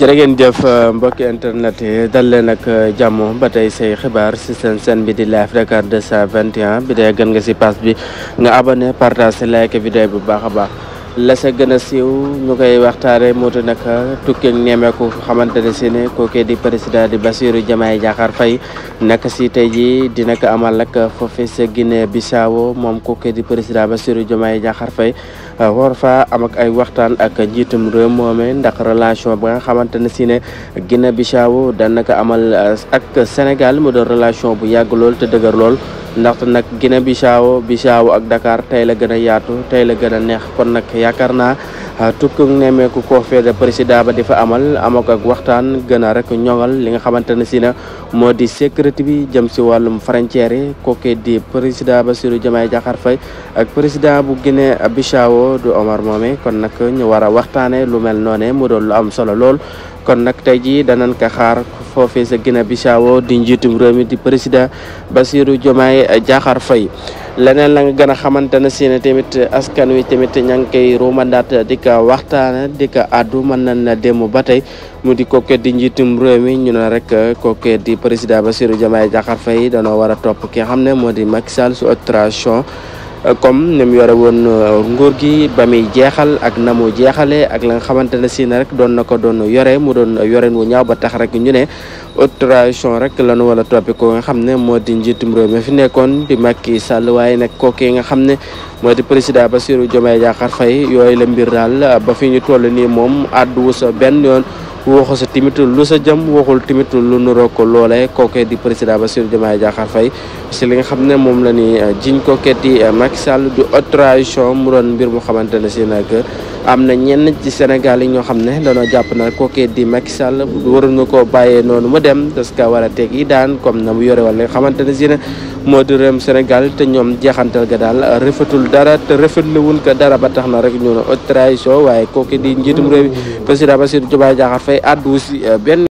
jërë ngeen jëf euh, mbokki internet yi dal leen ak euh, jàmm ba tey say xibaar si seen seen bi di live Dakar 221 bi dee gën nga si pass bi nga abonné partage si like vidéo bu baax a baax la sa gën a siiw ñu koy waxtaare mootu naka tukki ak ñemeeku xamante ne si ne di président di Bassirou Diomaye Diakhar fay naka si tey ji dina ko amal ak foofe sa Guinée Bissau moom kookee di président Bassirou Diomaye Diakhar Faye war fa am ak ay waxtaan ak njiitum réew ndax relation ba nga xamante ne si ne Guinée Bissau dana ko amal ak Sénégal mu doon relation bu yàgg lool te dëgër lool ndaxte nag Guinée Bissau Bissau ak Dakar tey la gën a yaatu tey la gën a neex kon nag yaakaar naa Ah, tukkuk nemmeeku conférence de président ba di fa amal amako ak waxtaan gën a rek li nga xamante ne si na moo di sécurité bi jëm si wàllum frontière yi kooke di président Bassirou Diomaye Diakhar Faye ak président bu Guinée Bissau du Omar Momé kon nag ñu war a waxtaane lu mel noone mu doon lu am solo lool kon nag tey jii danañ ko xaar foofe sa Guinée Bissau di njiitum réew mi di président Bassirou Diomaye Diakhar fay leneen la nga gën a xamante ne si tamit askan wi tamit ña ngi koy ruumandaat di ko waxtaane di ko àddu mën nañ na démb ba tey mu di kookee di njiitum réew mi ñu ne rek kookee di président Bassirou Diomaye Diakhar Faye danoo war a topp ki xam ne moo di Macky Sall su autorisation comme ni mu yore woon euh, nguur gi ba muy jeexal ak na mu jeexalee ak la nga xamante ne si ne rek doon na ko doon yore mu doon yore wu ñaaw ba tax rek ñu ne autorisation rek lanu wala toppi ko nga xam ne moo di njiitum réew mi fi nekkoon di Macky Sall waaye nag kooku nga xam ne moo di président Bassirou joma Diakhar Faye yooyu la mbir daal ba fi ñu toll nii moom àddu wu sa benn yoon. waxu sa timit lu sa jëm waxul timit lu nuroo ko loolee kookee di président Bassirou Diomaye Diakhar Faye si li nga xam ne moom la ni euh, jiñ kookee di euh, Macky Sall du haute trahison mu doon mbir mu xamante ne si nag am na ñenn ci Sénégal yi ñoo xam ne dañoo jàpp naa kookee di Macky Sall waroon nga koo bàyyee noonu mu dem parce que war a teg yi daan comme na mu yore wala nga xamante ne si ne moo di réewum Sénégal te ñoom jeexantal ga daal rafetul dara te rafetlu wuñ ko dara ba tax na rek ñu ne trahison waaye kooku di njiitum réew président Bassirou Diomaye Diakhar Faye àddu si euh, benn